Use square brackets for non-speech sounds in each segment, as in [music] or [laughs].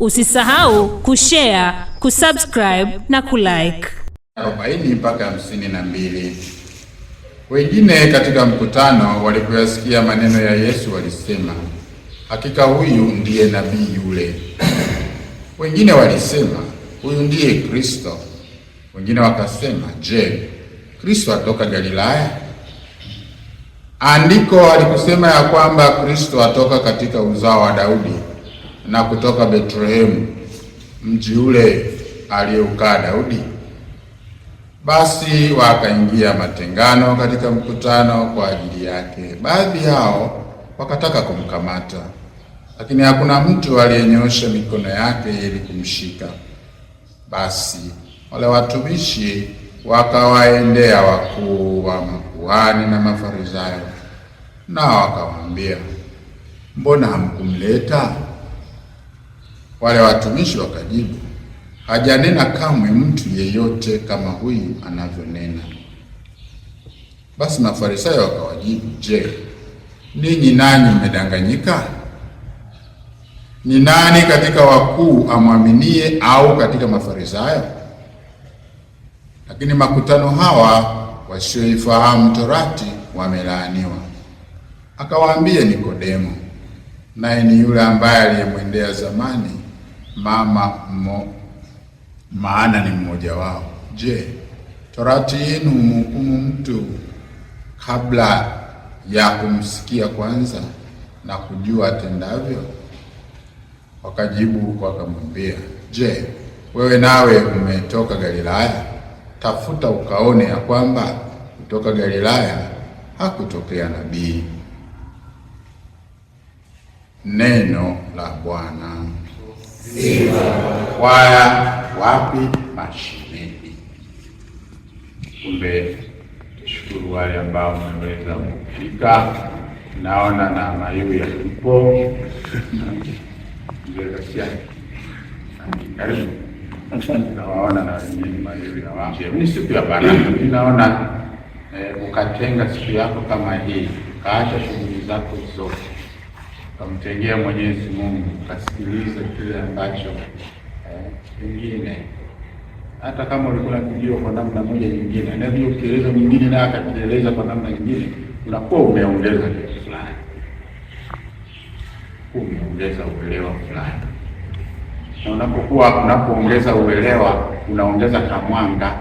Usisahau kushare, kusubscribe na kulike. 40 mpaka 52. Wengine katika mkutano walipoyasikia maneno ya Yesu walisema, hakika huyu ndiye nabii yule. Wengine walisema, huyu ndiye Kristo. Wengine wakasema, je, Kristo atoka Galilaya? Andiko alikusema ya kwamba Kristo atoka katika uzao wa Daudi na kutoka Betlehemu, mji ule aliyeukaa Daudi. Basi wakaingia matengano katika mkutano kwa ajili yake. Baadhi yao wakataka kumkamata, lakini hakuna mtu aliyenyosha mikono yake ili kumshika. Basi wale watumishi wakawaendea wakuu wa makuhani na Mafarisayo, nao wakawaambia, mbona hamkumleta? Wale watumishi wakajibu, hajanena kamwe mtu yeyote kama huyu anavyonena. Basi Mafarisayo wakawajibu, je, ninyi nani mmedanganyika? Ni nani katika wakuu amwaminie au katika Mafarisayo? Lakini makutano hawa wasioifahamu torati wamelaaniwa. Akawaambia Nikodemo, naye ni yule ambaye aliyemwendea zamani mama mmo, maana ni mmoja wao. Je, torati yenu mhukumu mtu kabla ya kumsikia kwanza na kujua atendavyo? Wakajibu huko wakamwambia, je, wewe nawe umetoka Galilaya? Tafuta ukaone ya kwamba kutoka Galilaya hakutokea nabii. Neno la Bwana. Sifa kwaya wapi? Mashineni. Kumbe shukuru wale ambao wameweza kufika, naona na mayu ya kipo karibu, nawaona na wengine mayu ya Ni siku ya baraka, naona eh, ukatenga siku yako kama hii, ukaacha shughuli zako zote ukamtegea Mwenyezi Mungu, kasikiliza kile ambacho eh, pengine eh, hata kama ulikuwa unakujua kwa namna moja nyingine, na ndio ukieleza mwingine naye akakueleza kwa namna nyingine, unakuwa umeongeza kitu fulani, umeongeza uelewa fulani, na unapokuwa unapoongeza uelewa unaongeza kamwanga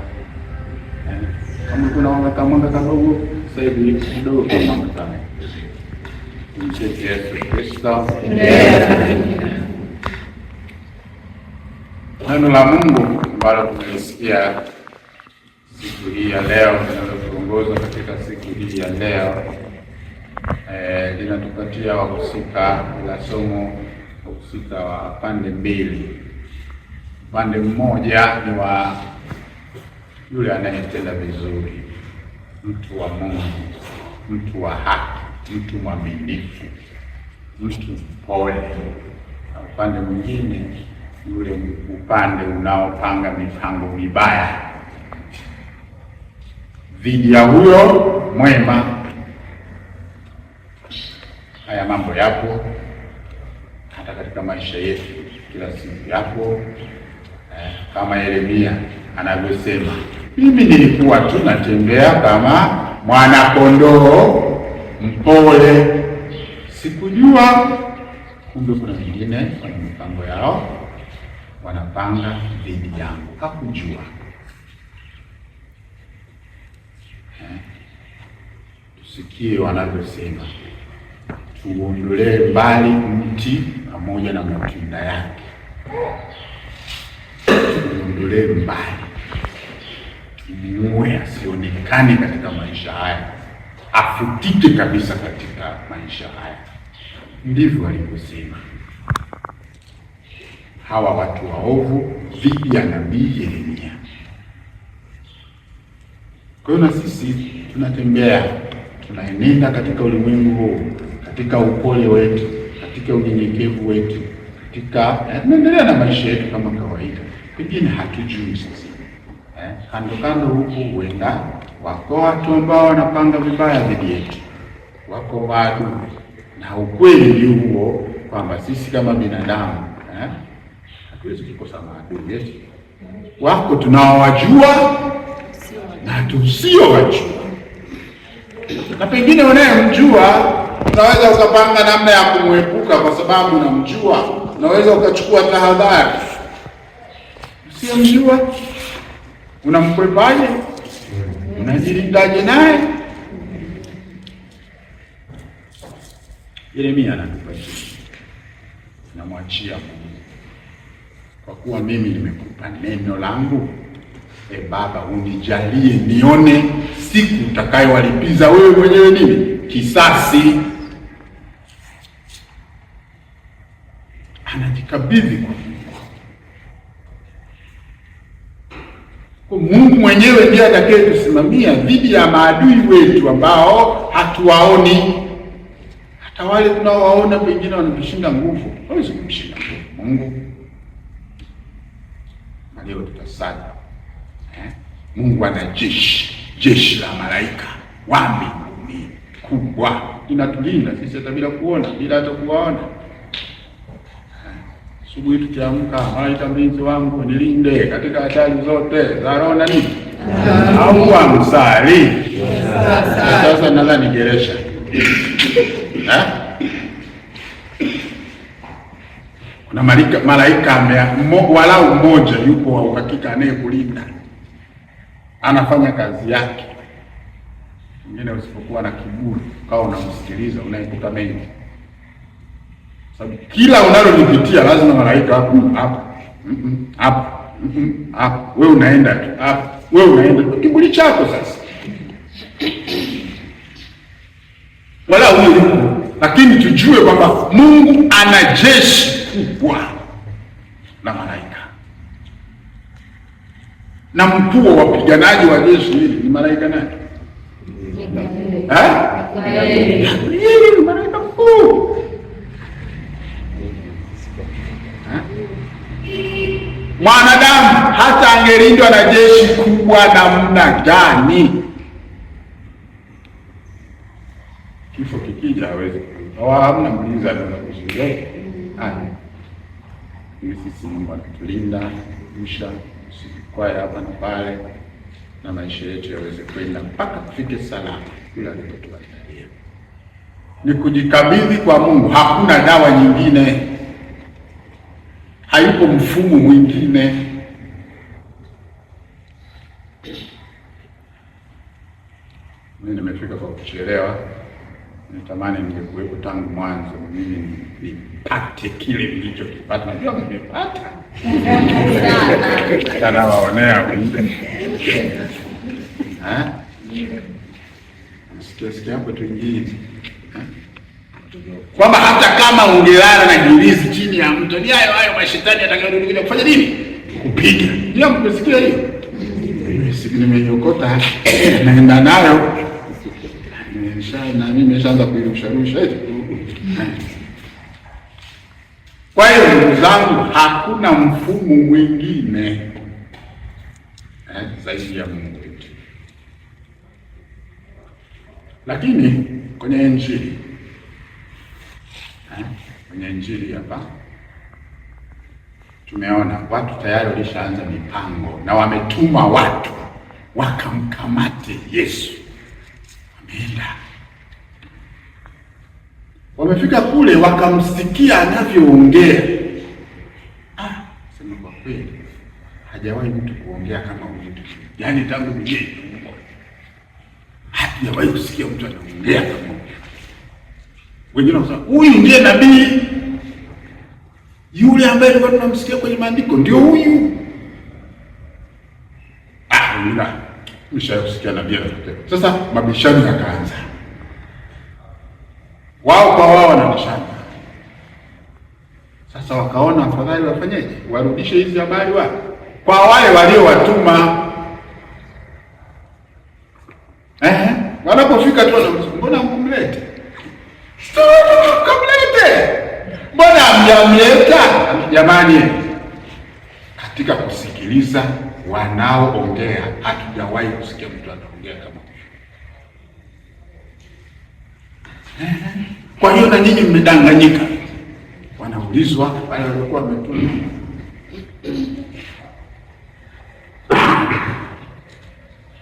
eh, kama kuna kamwanga kadogo sasa hivi kidogo kamwanga sana nchi yetu Kristo. Neno la Mungu ambalo tumelisikia siku hii ya leo, linalotuongoza katika siku hii ya leo eh, linatupatia wahusika la somo, wahusika wa pande mbili. Upande mmoja ni wa yule anayetenda vizuri, mtu wa Mungu, mtu wa haki mtu mwaminifu, mtu mpole, na upande mwingine yule upande unaopanga mipango mibaya dhidi ya huyo mwema. Haya mambo yapo hata katika maisha yetu kila siku, yapo eh, kama Yeremia anavyosema, mimi nilikuwa tu natembea kama mwanakondoo mpole, sikujua kumbe kuna wengine wana mipango yao wanapanga dhidi yangu, hakujua eh? Tusikie wanavyosema, tuondolee mbali mti pamoja na matunda yake, tuondolee mbali, tumuue asionekane katika maisha haya afutike kabisa katika maisha haya. Ndivyo alivyosema hawa watu waovu dhidi ya nabii Yeremia. Kwa hiyo na sisi tunatembea, tunaenenda katika ulimwengu huu, katika upole wetu, katika unyenyekevu wetu, katika eh, tunaendelea na maisha yetu kama kawaida, pengine hatujui sisi eh, kando kando huku huenda wako watu ambao wanapanga vibaya dhidi yetu, wako maadui, na ukweli ni huo kwamba sisi kama binadamu eh, hatuwezi kukosa maadui yetu. Wako tunaowajua na tusiowajua, na pengine unayemjua unaweza ukapanga namna ya kumwepuka kwa sababu unamjua, unaweza ukachukua tahadhari. Usiyemjua unamkwepaje? unajilindaje naye? Yeremia anatupa namwachia Mungu, kwa kuwa mimi nimekupa neno langu. E Baba, unijalie nione siku utakayowalipiza wewe mwenyewe nini kisasi. Anajikabidhi kwa mwenyewe ndiye atakayetusimamia dhidi ya maadui wetu ambao hatuwaoni. Hata wale tunaowaona pengine wanatushinda nguvu, hawezi kumshinda nguvu Mungu. Na leo tutasaja eh? Mungu ana jeshi, jeshi la malaika wa mbinguni kubwa, inatulinda sisi hata bila kuona, bila hata kuwaona asubuhi tukiamka, malaika mlinzi wangu nilinde katika hatari zote za roho na nini, au msali Sasa nadhani geresha [laughs] eh? kuna malaika malaika walau mmoja yupo wa uhakika anayekulinda, anafanya kazi yake. Mwingine usipokuwa na kiburi, ukawa unamsikiliza, unaikuta mengi Sababu kila unalolipitia lazima malaika wako hapa hapa hapa, wewe unaenda tu hapa, wewe unaenda kiburi chako sasa, wala huyo lakini tujue kwamba Mungu ana jeshi kubwa la malaika, na mkuu wa wapiganaji wa jeshi hili ni malaika nani? Eh? Malaika mwanadamu hata angelindwa na jeshi kubwa namna gani, kifo kikija hawezi hamna mlinzi anakuzuia. Sisi Mungu anatulinda usha usikwae hapa na pale, na maisha yetu yaweze kwenda mpaka tufike salama yule alipotuandalia. Ni kujikabidhi kwa Mungu, hakuna dawa nyingine hayupo mfumo mwingine. Mimi nimefika kwa kuchelewa, nitamani ningekuwepo tangu mwanzo, mimi nipate kile nilichokipata. Najua nimepata [laughs] tanawaonea hapo kwamba hata kama ungelala na jilizi ya mtu ni hayo hayo mashetani atakayorudi kufanya nini? Kupiga. Je, mkisikia hiyo? Nimeiokota naenda nayo. Na mimi nimeshaanza kuirusharusha hivi. Kwa hiyo ndugu zangu, hakuna mfumo mwingine eh, zaidi ya Mungu wetu. Lakini kwenye Injili eh, kwenye Injili hapa tumeona watu tayari walishaanza mipango na wametuma watu wakamkamate Yesu. Wameenda wamefika kule, wakamsikia anavyoongea. Ah, sema kwa kweli hajawahi mtu kuongea kama huyu, yaani tangu mjeni hajawahi kusikia mtu anaongea kama huyu. Wengine wanasema huyu ndiye nabii. Yule ambaye tulikuwa tunamsikia kwenye maandiko ndio huyu. Ah, yuna mshakusikia nabii anatokea. Sasa mabishano yakaanza, wao kwa wao wanabishana. Sasa wakaona afadhali wafanyeje? Warudishe hizi habari wa Kwa wale waliowatuma. Ehe, wanapofika tu jamani, katika kusikiliza wanaoongea, hatujawahi kusikia mtu anaongea kama kwa hiyo na nyinyi mmedanganyika, wanaulizwa wale waliokuwa wametuma.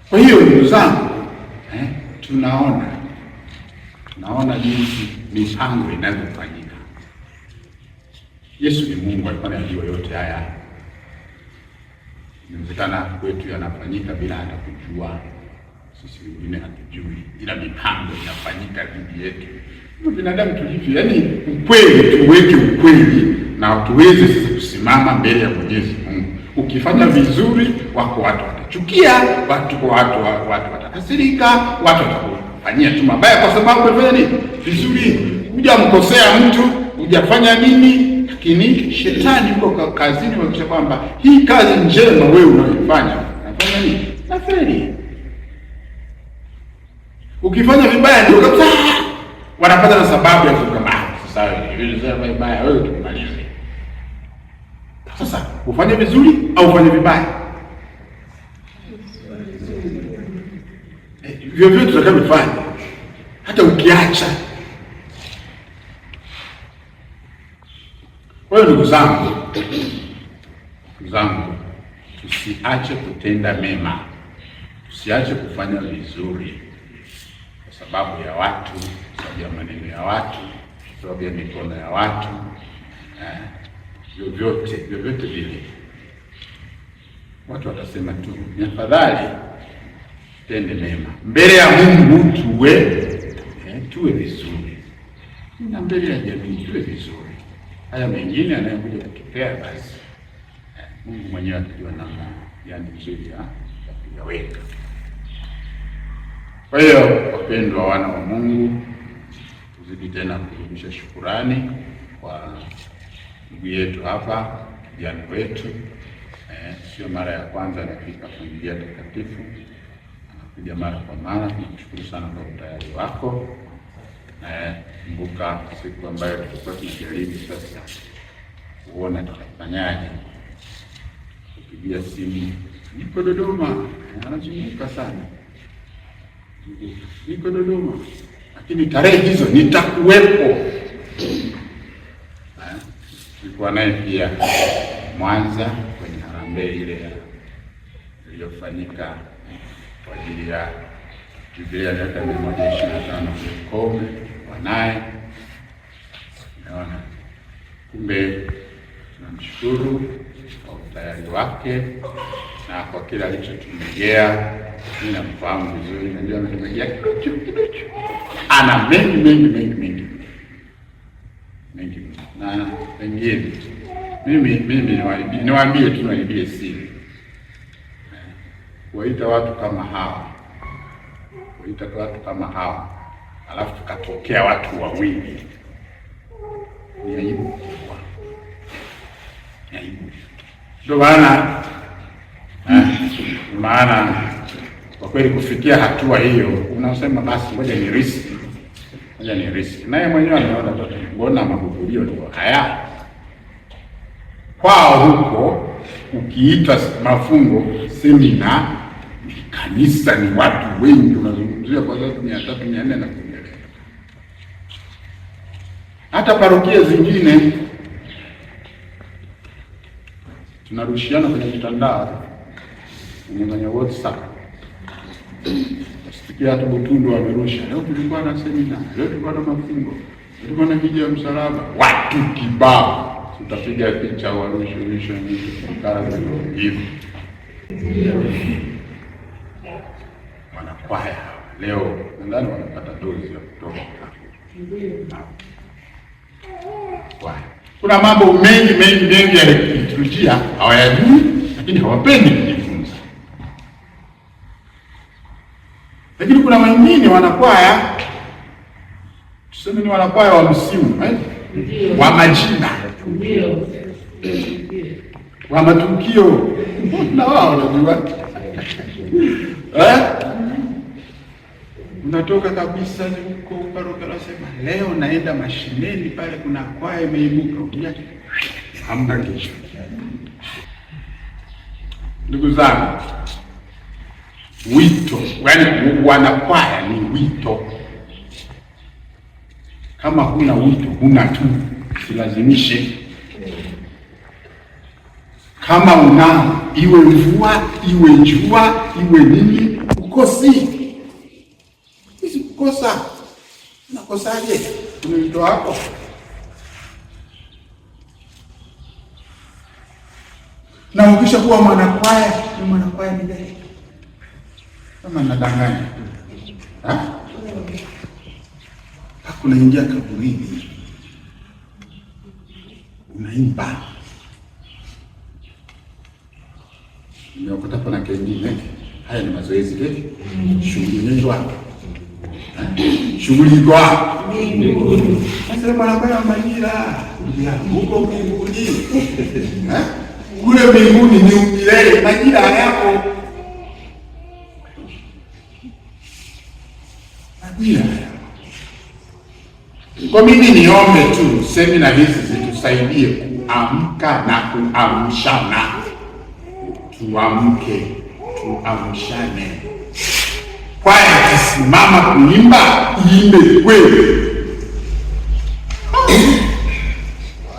Kwa hiyo ndugu zangu eh, tunaona tunaona jinsi mipango inavyofanyika. Yesu ni Mungu, alikuwa anajua yote haya. Inawezekana kwetu yanafanyika bila hata kujua sisi, wengine hatujui, ila mipango inafanyika dhidi yetu. Binadamu tulivyo, yaani ukweli, tuweke ukweli na tuweze sisi kusimama mbele ya Mwenyezi Mungu. Ukifanya vizuri, wako watu watachukia, watu watu watu watakasirika, watu watakufanyia tu mabaya kwa sababu umefanya nini vizuri. Hujamkosea mtu, hujafanya nini lakini shetani yuko kazini, kuhakikisha kwamba hii kazi njema wewe unayofanya unafanya nini? Nafeli. Ukifanya vibaya ndio kabisa wanapata na sababu ya kukamata. Sasa hivi sasa vibaya wewe tumalize. Sasa ufanye vizuri au ufanye vibaya, eh, vyovyote tutakavyofanya, hata ukiacha Kwa hiyo ndugu zangu, ndugu zangu, tusiache kutenda mema, tusiache kufanya vizuri kwa sababu ya watu, kwa sababu ya maneno ya watu, kwa sababu ya mikono ya watu eh, vyovyote vyovyote vile watu watasema tu, ni afadhali tende mema mbele ya Mungu, tuwe eh, tuwe vizuri na mbele ya jamii tuwe vizuri. Haya mengine yanayokuja kutokea basi eh, Mungu mwenyewe atajua namna ya njia ya kuyaweka. Kwa hiyo, wapendwa wana wa Mungu, tuzidi tena kuhimisha shukurani kwa ndugu yetu hapa, kijana wetu. Eh, sio mara ya kwanza anafika familia takatifu, anakuja mara kwa mara. Nakushukuru sana kwa utayari wako. Eh, kumbuka eh, siku ambayo tutakuwa tunajaribu sasa kuona tutafanyaje, kupigia simu, niko Dodoma, anazunguka sana, niko Dodoma, lakini tarehe hizo nitakuwepo. Tulikuwa eh, naye pia Mwanza kwenye harambee ile iliyofanyika kwa ajili ya jubilei ya miaka mia moja ishirini na tano Kobe naye naona, kumbe tunamshukuru kwa utayari wake na kwa kila alichotumegea. Mimi namfahamu vizuri, najua ametumegea kidogo kidogo, ana mengi mengi mengi mengi mengi na pengine mimi mimi niwaambie tu, niwaibie siri kuwaita watu kama hawa, kuwaita watu kama hawa alafu tukatokea watu wawili, ni aibu kubwa, ni aibu. Ndio maana eh, maana kwa kweli kufikia hatua hiyo unasema basi, ngoja ni risk, ngoja ni risk. Naye mwenyewe ameona, mbona mahudhurio ndio haya kwao huko, ukiita mafungo semina, ni kanisa, ni watu wengi, unazungumzia kwa sababu mia tatu mia nne na hata parokia zingine tunarushiana kwenye mitandao, kwenye WhatsApp sikia, hata Butundu amerusha leo, tulikuwa na semina leo, tulikuwa na mafungo, tulikuwa na hija ya msalaba, watu kibao, tutapiga picha, warushurisho kazi hivi wanakwaya leo, nadhani wanapata dozi ya kutoka kuna mambo mengi mengi mengi ya liturujia hawayajui, lakini hawapendi kujifunza. Lakini kuna wengine wanakwaya, tuseme ni wanakwaya wa msimu eh? wa majina wa matukio [laughs] na wao wanajua eh? unatoka kabisa huko paroko, sema leo naenda mashineni, pale kuna kwaya imeibuka, hamna kesho. Ndugu zangu, wito yaani wanakwaya ni wito. Kama huna wito, huna tu, silazimishe. Kama unao, iwe mvua iwe jua iwe nini, ukosi unakosa unakosaje? Umelitoa hapo na ukisha kuwa mwanakwaya ni mwanakwaya milele, kama nadanganya ha? Unaingia kaburini unaimba, nimeokota pana kengine. Haya ni mazoezi, shughuli nyingi shughulikwa asemanakwaya majira huko mbinguni kule mbinguni ni umilele, majira yako majira kwa mimi niombe tu semina hizi zitusaidie kuamka na kuamshana, tuamke tuamshane kwaya ikisimama kuimba iimbe kweli.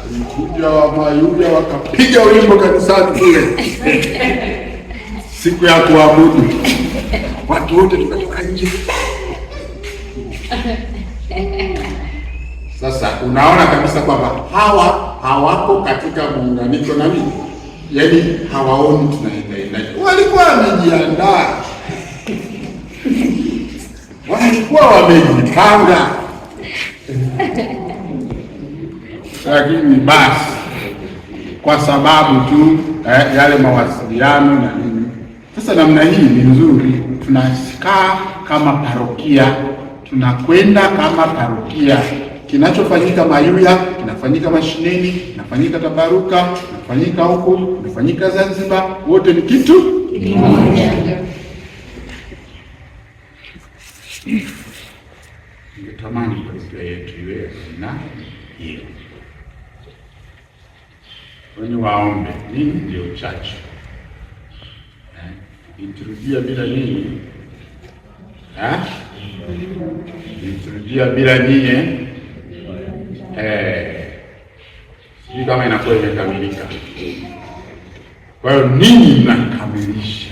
Walikuja Wamayuda wakapiga wimbo kanisani kule siku ya kuabudu, watu wote tukatoka nje. Sasa unaona kabisa kwamba hawa hawako katika muunganiko na mimi, yaani hawaoni tunaendaendaje. Walikuwa wamejiandaa [laughs] walikuwa wamejipanga, lakini basi kwa sababu tu eh, yale mawasiliano na nini. Sasa namna hii ni nzuri, tunakaa kama parokia, tunakwenda kama parokia. Kinachofanyika Mayuya kinafanyika Mashineni, kinafanyika Tabaruka, kinafanyika huku, kinafanyika Zanzibar, wote ni kitu kimoja. Ningetamani parokia yetu iwe na hiyo. Kwani waombe nini? Ndio uchache liturujia eh, bila nini, liturujia eh? bila nyie, eh, sijui kama inakuwa imekamilika. Kwa hiyo ninyi mnakamilisha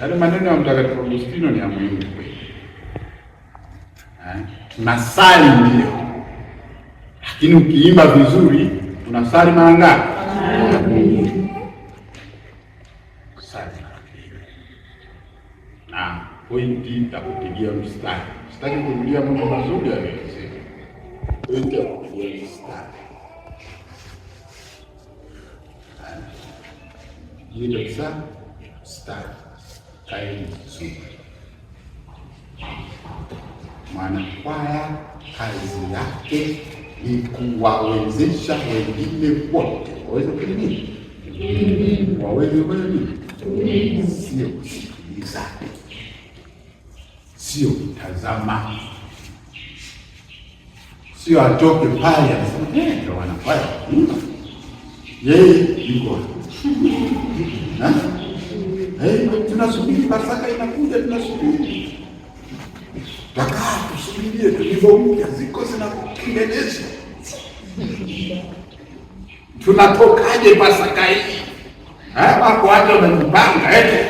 yale maneno ya Mtakatifu Agustino, ni ya muhimu kweli tunasali ndio, lakini ukiimba vizuri tunasali mara ngapi? Kusali na pointi takupigia mstari, sitaki kurudia mambo mazuri aliyosema, pointi ya kupigia mstari kabisa mstari kaini zuri mwanakwaya kazi yake ni kuwawezesha wengine wote waweze kufanya nini? Waweze kufanya nini? Sio kusikiliza, sio kutazama, sio atoke pale anasema ndio wanakwaya yeye yuko tunasubiri Pasaka inakuja, tunasubiri Takaa tusubirie tulivyo mpya, ziko zinakimenesha tunatokaje Pasaka hii? Wako watu wamejipanga eh?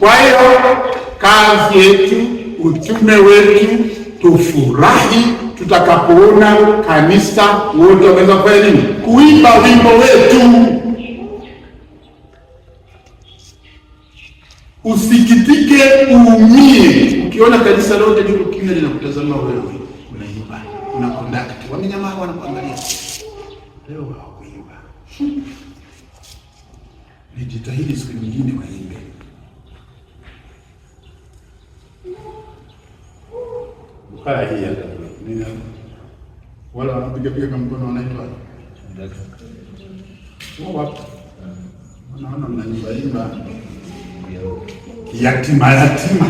kwa hiyo kazi yetu, utume wetu, tufurahi tutakapoona kanisa wote wameweza kufanya nini, kuimba wimbo wetu Usikitike, uumie ukiona kanisa lote liko kimya linakutazama wewe, unaiba una conduct, wamenyamaa wanakuangalia. Leo hawakuiba, [laughs] nijitahidi siku nyingine waimbe. Haya, hii hapa nina wala wanapiga piga kama mkono wanaitwa wapi? Mm. wanaona mnanyimba imba yatima yatima.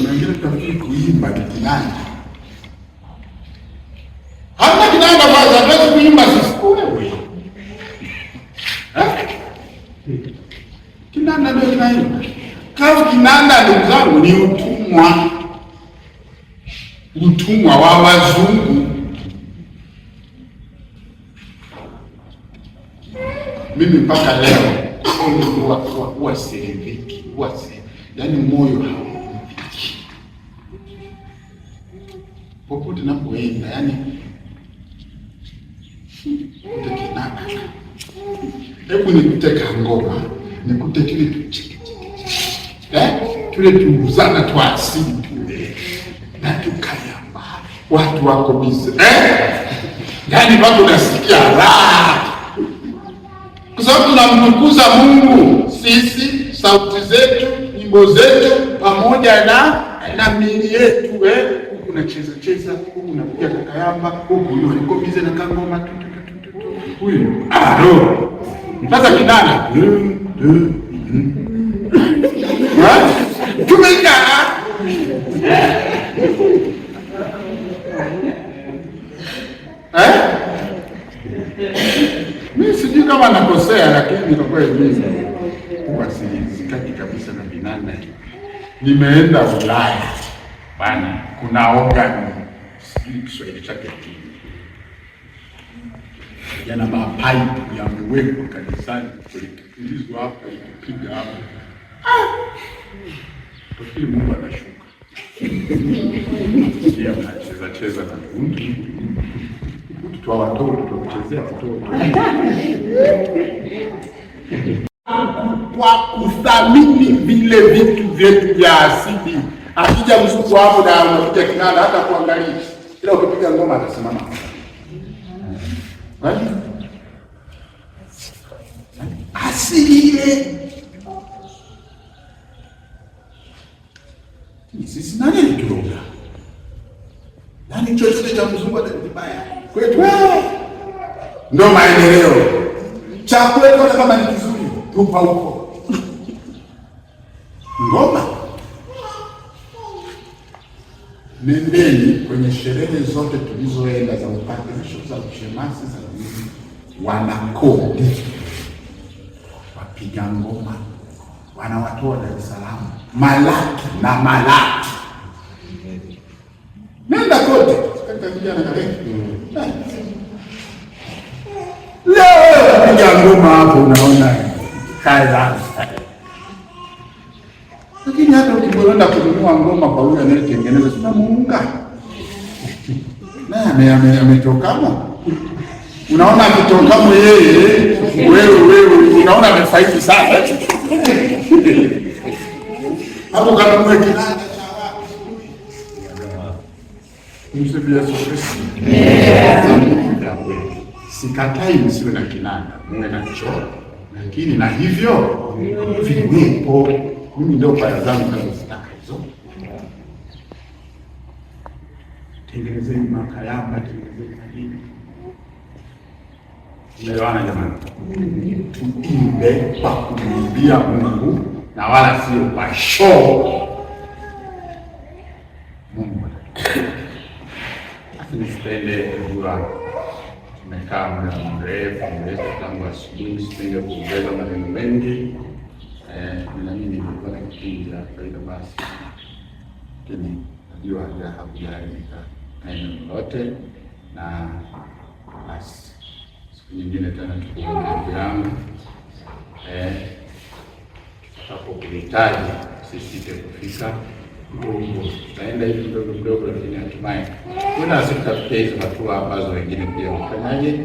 Unaingia tafiki kuimba ni kinanda, hamna kinanda kwanza, hatuwezi kuimba sisi. Wewe eh? kinanda ndio kinaimba kama Kinanda ndugu zangu ni utumwa, utumwa wa wazungu mimi mpaka leo huwa siridhiki, huwa si yaani, moyo hauridhiki popote napoenda, yaani kutekenaka. Hebu nikuteka ngoma, nikute kile tuchiki eh, tule tuzana twa asili tule na tukayamba, watu wako bize eh, yaani wako nasikia raha sababu tunamtukuza Mungu sisi, sauti zetu, nyimbo zetu, pamoja na na miili yetu eh, huku nacheza cheza, huku napiga kakayamba, huku nikomize na kangoma huyo ah, aro sasa kinana tumekaa eh kama nakosea, lakini kwa kweli mimi huwa sitaki kabisa na binana. Nimeenda Ulaya bana, kuna ogani sijui Kiswahili chake yana mapaipu yamewekwa kanisani kulikilizwa hapa ikipiga hapa ah! tokii Mungu anashuka anacheza cheza na twa watoto kuchezea watoto kwa kuthamini vile vitu vyetu vya asili. Akija mzuku hapo na unakuja kinanda, hata kuangalia ila ukipiga ngoma atasimama eh? asili ile sisi nani alituroga nani chochote cha mzungu atakibaya kwetu ndo maendeleo. Cha kwetu kama ni kizuri, tupa huko Ngoma. Nendeni kwenye sherehe zote tulizoenda za upatanisho, za ushemasi, za nini, wanakodi wapiga ngoma wanawatoa Dar es Salaam, Malaki na Malaki, nenda kijana kale. Mm. Leo piga ngoma hapo, unaona kaza. Lakini hata ukienda kununua ngoma kwa yule anayetengeneza, sina muunga naye ametokamo Unaona kitokamo yeye, wewe wewe unaona amefaidi sana [laughs] hapo kama Nimsifu Yesu Kristo. Sikatai msiwe na kinanda, muwe na choo, lakini na hivyo viwepo. Mimi ndio baya zangu nazozitaka hizo. Tengenezeni makayamba, tengenezeni malini. Umeelewana jamani? Tuimbe kwa kumwimbia Mungu na wala sio kwa show Mungu nisipende kujua tumekaa muda mrefu mrefu tangu asubuhi, nisipende kuongeza maneno mengi. Nami nilikuwa na kipindi cha kawaida basi, lakini najua hakujaharibika neno lolote, na basi siku nyingine tena tukuona ndugu tutakapokuhitaji, usisite kufika tutaenda hivi mdogo mdogo, lakini hatimaye kuna nasi tutafikia hizo hatua ambazo wengine pia wafanyaje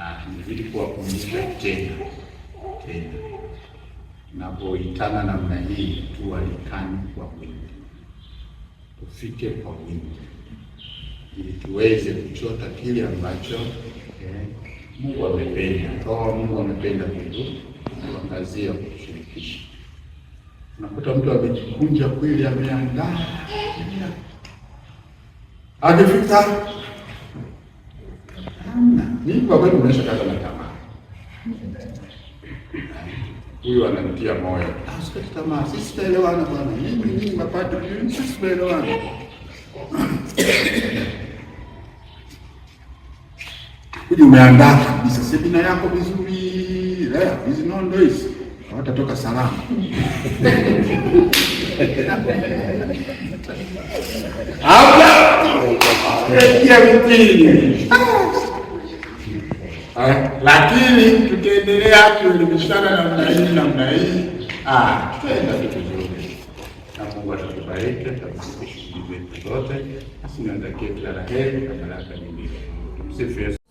ah, ili kuwafundisha tena tena. Tunapoitana namna hii, tualikane kwa wingi, tufike kwa wingi, ili tuweze kuchota kile ambacho eh, Mungu amependa. Roho Mungu amependa kutuangazia kushirikisha Unakuta mtu amejikunja kweli, ameandaa akifika ni kwa kweli unaisha kata na tamaa. Huyu ananitia moyo, usikate tamaa, sisi tunaelewana bwana, mimi mimi mapato mimi, sisi tunaelewana. Kuja umeandaa kabisa semina yako vizuri, eh, hizi nondo hizi hawatatoka salama. Eh, lakini tukiendelea kuelimishana namna hii namna hii, ah, tutaenda vitu vizuri, na Mungu atatubariki, atatufikisha shughuli zetu zote, asinatakie kila la heri na baraka nyingine. Tumsifu Yesu.